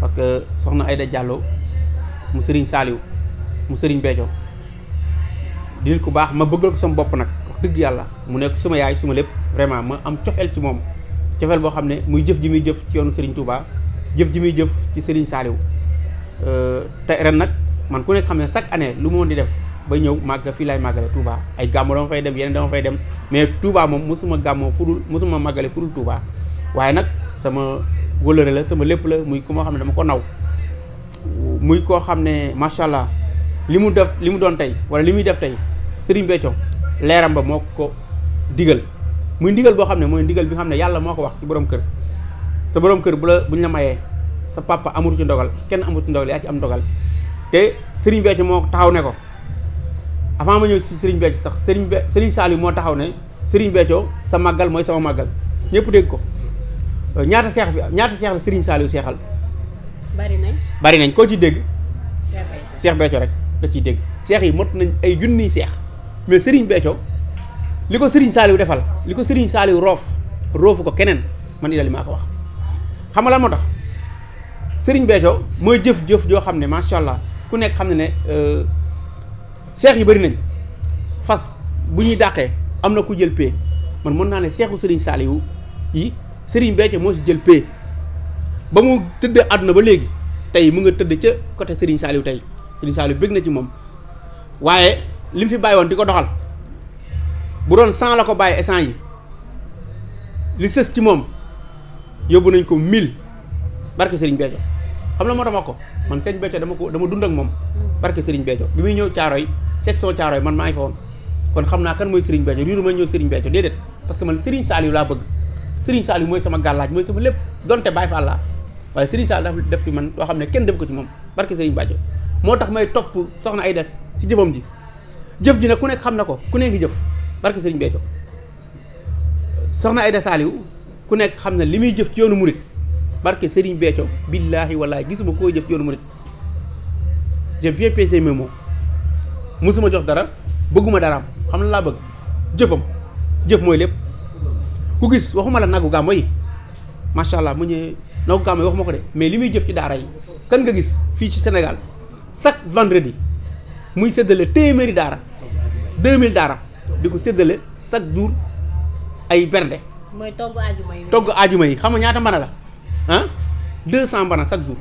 parce que soxna Aida Diallo mu sëriñ Saaliw mu sëriñ Béthio di ku baax ma bëggal ko sama bopp nag wax dëgg yàlla mu nekk suma yaay suma lépp vraiment ma am cofeel ci moom cofeel boo xam ne muy jëf ji muy jëf ci yoonu sëriñ Touba jëf ji muy jëf ci sëriñ Saaliw euh, te ren nag man ku nekk xam ne chaque année lu moon di def ba ñëw màgg fii lay màggale Touba ay gàmmu dama fay dem yeneen dama fay dem mais Touba moom mosuma gàmmoo fudul mosuma màggale fudul Touba wëlëre la sama lépp la muy ku moo xam ne dama ko naw muy koo xam ne macha allah li mu def li mu doon tey wala li muy def tey Serigne Béthio leeram ba moo ko digal muy ndigal boo xam ne mooy ndigal bi xam ne yàlla moo ko wax ci boroom kër sa borom kër bu la bu ñu la mayee sa papa amul ci ndogal kenn amul ci ndogal yaa ci am ndogal te Serigne Béthio moo taxaw ne ko avant ma ñëw si Serigne Béthio sax Serigne Serigne saali moo taxaw ne Serigne Béthio sa màggal sama màggal ñëpp dégg ko. Euh, ñaata seex bi ñaata seex la Serigne Saliou seexal. bari nañ bari nañ koo ci dégg. seex Béthio rek da ciy dégg seex yi mot nañ ay junniy seex mais Serigne Béthio li ko sëriñ Saliou defal li ko Serigne Saliou roof roofu ko keneen man Idda maa ko wax. xam nga lan moo tax Serigne Béthio mooy jëf-jëf joo xam ne macha allah ku nekk xam ne ne euh, seex yi bari nañ fas bu ñuy dàqee am na ku jël pee man mën naa ne seexu sëriñ Saliou yi. Serigne Béthio moo si jël pay ba mu tëdd àdduna ba léegi tey mu nga tëdd ca côté Serigne Saliou tey Serigne Saliou bëgg na ci moom waaye li mu fi bàyyi woon di ko doxal bu doon 100 la ko bàyyi essence yi li sës ci moom yóbbu nañ ko 1000 barke Serigne Béthio xam la moo tax ko man Serigne Béthio dama ko dama dund ak moom barke Serigne Béthio bi muy ñëw Caaroy section Caaroy man maa ngi fa woon kon xam naa kan mooy Serigne Béthio riiru ma ñëw Serigne Béthio déedéet parce que laa bëgg. Serigne Saliou mooy sama gàllaaj mooy sama lépp donte Baye Fall laa waaye Serigne Saliou dafa def ci man loo xam ne kenn def ko ci moom barke Serigne Bàjjo moo tax may topp soxna ay des ci jëfam jëf ji nag ku nekk xam na ko ku ne ngi jëf barke Serigne Bàjjo soxna ay des ku nekk xam ne li muy jëf ci yoonu murit barke Serigne Bàjjo billaahi wallaahi gisuma koo jëf ci yoonu murit j'ai bien pesé mes mots musuma jox dara bëgguma daraam xam na laa bëgg jëfam jëf mooy lépp ku gis waxuma la nagu gàmmo yi macha allah mu ñëwee nagu gàmmo yi waxuma ko de mais li muy jëf ci daara yi kan nga gis fii ci Sénégal chaque vendredi muy séddale téeméeri daara 2000 daara di ko séddale chaque jour ay bernde. mooy togg aajuma yi togg aajuma yi xam nga ñaata mbana la ah 200 mbana chaque jour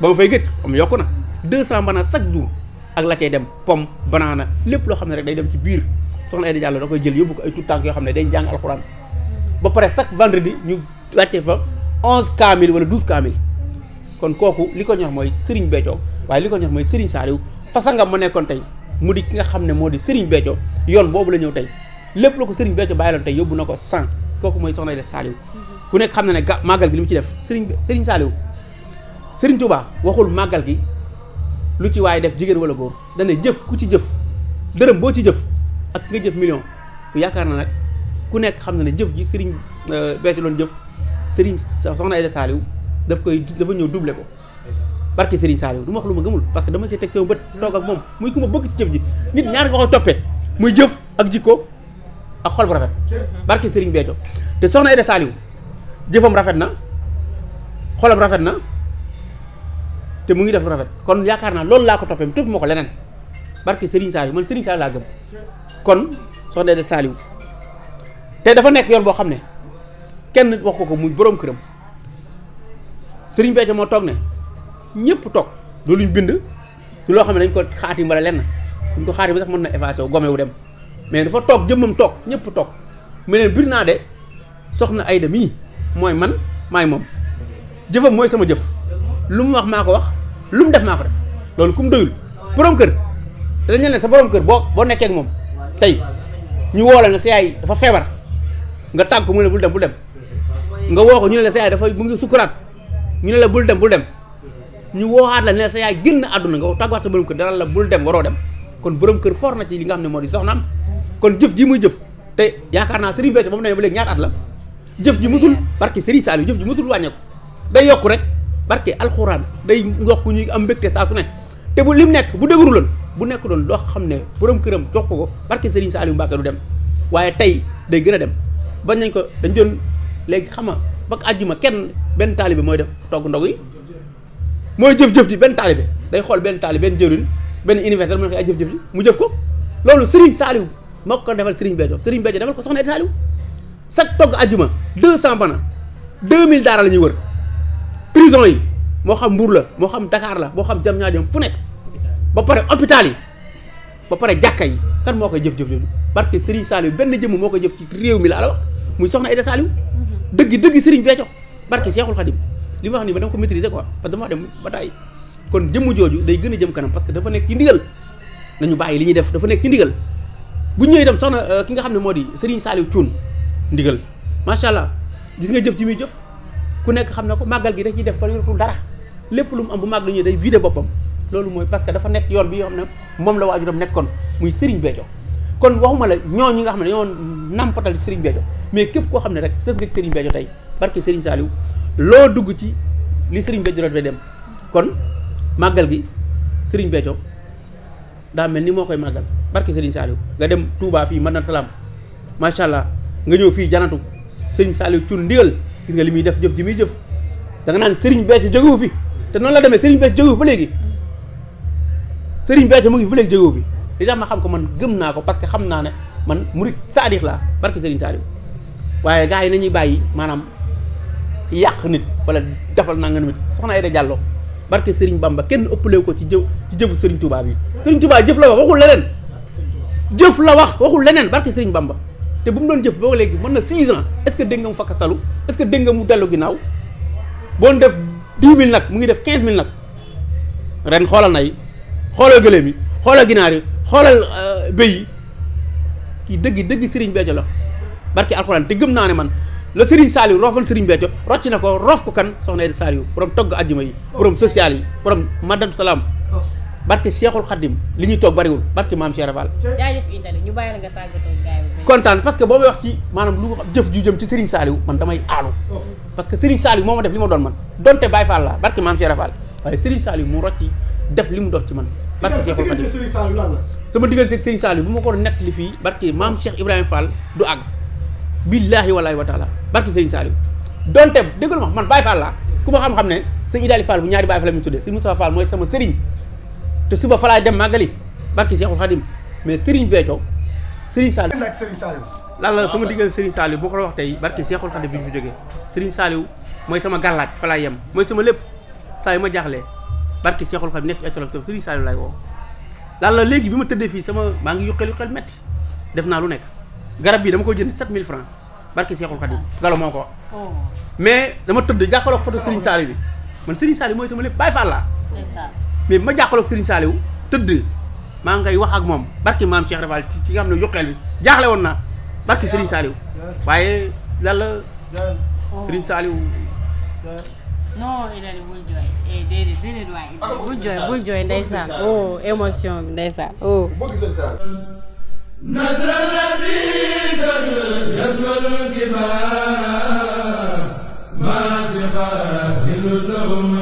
ba ma fay gëj om yokk na 200 mbana chaque jour ak la cay dem pomme banana lépp loo xam ne rek day dem ci biir soxna Aida Diallo da koy jël yóbbu ko ay tout tànk yoo xam ne day jàng alxuraan. ba pare chaque bi ñu wàccee fa onze kaamil wala douze kaamil kon kooku li ko ñor mooy Serigne Béthio waaye li ko ñor mooy Serigne Saliou fasanga ma nekkoon tey mu di ki nga xam ne moo di Serigne Béthio yoon boobu la ñëw tey lépp la ko Serigne Béthio bàyyiloon tey yóbbu na ko cent kooku mooy soxna de Saliou ku nekk xam na ne ga màggal gi li mu ci def Serigne Serigne Saliou Serigne Touba waxul màggal gi lu ci waaye def jigéen wala góor dana jëf ku ci jëf dërëm boo ci jëf ak nga jëf million ku yaakaar ku nekk xam na ne jëf ji sëriñ euh, Béthio doon jëf sëriñ soxna Aïda Saliou daf koy dafa ñëw doublé ko barke sëriñ Saliou du ma wax lu ma gëmul parce que dama ci teg sama bët toog ak moom muy ku ma bëgg ci jëf ji nit ñaar nga ko toppee muy jëf ak jikko ak xol rafet barke sëriñ Béthio te soxna Aïda Saliou jëfam rafet na xolam rafet na te mu ngi def rafet kon yaakaar naa loolu laa ko toppee topp ma ko leneen barke sëriñ Saliou man sëriñ Saliou laa gëm kon soxna Aïda Saliou te dafa nekk yoon boo xam ne kenn wax ko ko muy boroom këram Serigne Béthio moo toog ne ñëpp toog loolu luñ bind du loo xam ne dañ ko xaatim wala lenn duñ ko xaatim sax mën na effacé wu gome dem mais dafa toog jëmmam toog ñëpp toog mu ne naa de soxna Aida mooy man maay moom jëfam mooy sama jëf lu mu ko wax lu def maa ko def loolu ku mu doyul borom kër te dañ ne sa borom kër boo boo nekkee ak moom tey ñu woo la ne sa yaay dafa feebar. nga tàgg ko mu ne bul dem bul dem nga woo ko ñu ne la sa yaay dafa mu ngi sukkuraat ñu ne la bul dem bul dem ñu woowaat la ne sa yaay génn àdduna nga tàgguwaat sa borom kër dara la bul dem waroo dem kon borom kër for na ci li nga xam ne moo di soxnaam kon jëf ji muy jëf te yaakaar naa Serigne Béthio ba mu ne ba léegi ñaata at la jëf ji musul barki Serigne Saliou jëf ji musul wàññeeku day yokku rek barki alxuraan day yokk ñuy am mbégte saa su ne te bu nekk bu dëgëru loon bu nekk doon loo xam ne borom këram jox ko ko barki Serigne Saliou Mbacke du dem waaye tey day gën a dem bañ nañ ko dañ doon léegi xam nga ba àjjuma kenn benn taalibe mooy def togg ndog yi mooy jëf-jëf ji benn taalibe day xool benn taalibe benn jëwriñ benn universitaire mu ne ko ay jëf-jëf ji mu jëf ko loolu Serigne Saliou moo ko defal Serigne Béthio Serigne Béthio defal ko soxna Saliou chaque togg àjjuma 200 bana 2000 daara la ñuy wër prison yi moo xam Mbour la moo xam Dakar la moo xam Diamniadio fu nekk ba pare hôpital yi ba pare jàkka yi kan moo koy jëf-jëf ji parce que Serigne benn jëmm moo koy jëf ci réew mi la la wax muy soxna Aïda Saliou dëgg dëgg Serigne Béthio barke Cheikhul Khadim li ma wax nii ma dama ko maîtriser quoi parce que dama dem ba kon jëmm jooju day gën a jëm kanam parce que dafa nekk ci ndigal nañu bàyyi li ñuy def dafa nekk ci ndigal bu ñëwee itam soxna euh, ki nga xam ne moo di Serigne Saliou Thioune ndigal macha allah gis nga jëf ji muy jëf ku nekk xam na ko màggal gi da ciy def ba yoratul dara lépp lu am màgg lu ñuy day vidé boppam loolu mooy parce que dafa nekk yoon bi yoo xam ne moom la waajuram nekkoon muy Serigne Béthio kon waxuma la ñooñu nga xam ne ñoo nampatal Serigne Béthio mais képp koo xam ne rek sës nga Serigne Béthio tey barke Serigne Saliou loo dugg ci li Serigne Béthio doon dem kon màggal gi Serigne Béthio daa mel ni moo koy màggal barke Serigne Saliou nga dem Touba fii mën na salaam macha allah nga ñëw fii janatu Serigne Saliou cun ndigal gis nga li muy def jëf di muy jëf danga naan Serigne Béthio jógewu fi te noonu la demee Serigne Béthio jógewu fi ba léegi sëriñ Béthio mu ngi fi ba léegi jógewu fi li tax xam ko man gëm naa ko parce que xam naa ne man murit saadix laa barke Serigne Saliou waaye gars yi nañuy bàyyi maanaam yàq nit wala defal nanga nit soxna Aida Diallo barke Serigne Bamba kenn ëppalewu ko ci jëf ci jëfu Serigne Touba bi Serigne Touba jëf la wax waxul leneen jëf la wax waxul leneen barke Serigne Bamba te bu mu doon jëf boo léegi mën na 6 ans est ce que dégg nga mu fakkastalu est ce que dégg nga mu dellu ginnaaw boon def 10 000 nag mu ngi def 15 000 nag ren xoolal nay xoolal gëléem yi xoolal ginaar yi xoolal euh, béy yi kii dëgg dëgg Serigne Béthio barki alxuraan te gëm naa ne man la Serigne Saliou roofal Serigne Béthio rocc na ko roof ko kan soxna Aida Saliou borom togg ajjuma yi borom social yi borom madame salaam barke Seexul Xadim ñu bàyyi la nga tàggatoo gaay kontaan boo may wax ci maanaam lu jëf ju jëm ci Serigne Saliou man damay aalu parce que ma def li ma doon man li mu dox ci man barke Seexul Xadim sama bu ma ko nett li fii barke maam Cheikh Ibrahima Fall du àgg billaahi walaahi wa taala barki Serigne Saliou donte dégg ma man Baye ku ma xam-xam ne sëñ Idaali Fall bu ñaari Baye Fall la ñu tuddee sëñ Moustapha Fall mooy sama Serigne te suba fa laay dem màggali barki Seexul Xadim mais Serigne Béthio Serigne Saliou. lan la Serigne lan la sama diggal Serigne Saliou boo ko wax tey barki Seexul Xadim bi ñu fi jógee Serigne Saliou mooy sama gàllaaj fa yem mooy sama lépp saa ma jaaxle barki Seexul Xadim nekk école Serigne Saliou laay woo lan la léegi bi ma tëddee fii sama maa ngi yuqel yuqel metti def naa lu nekk garab bii dama ko jënd 7000 francs barki Seexul Xadim galo moo ko oh. mais dama tëdd jàkkaarloog photo Serigne Saliou bi man Serigne Saliou mooy sama lépp bàyyi fa àllaa mais ma jàkkaarloog Serigne Saliou tëdd maa ngay wax ak moom barki maam Cheikh Rafal ci ci nga xam ne yokkeel bi jaaxle woon na barki Serigne Saliou waaye yàlla oh. Serigne Saliou non Idali bul jooy eh, bul jooy bul jooy ndeysaan oh, émotion bi ndeysaan اللهم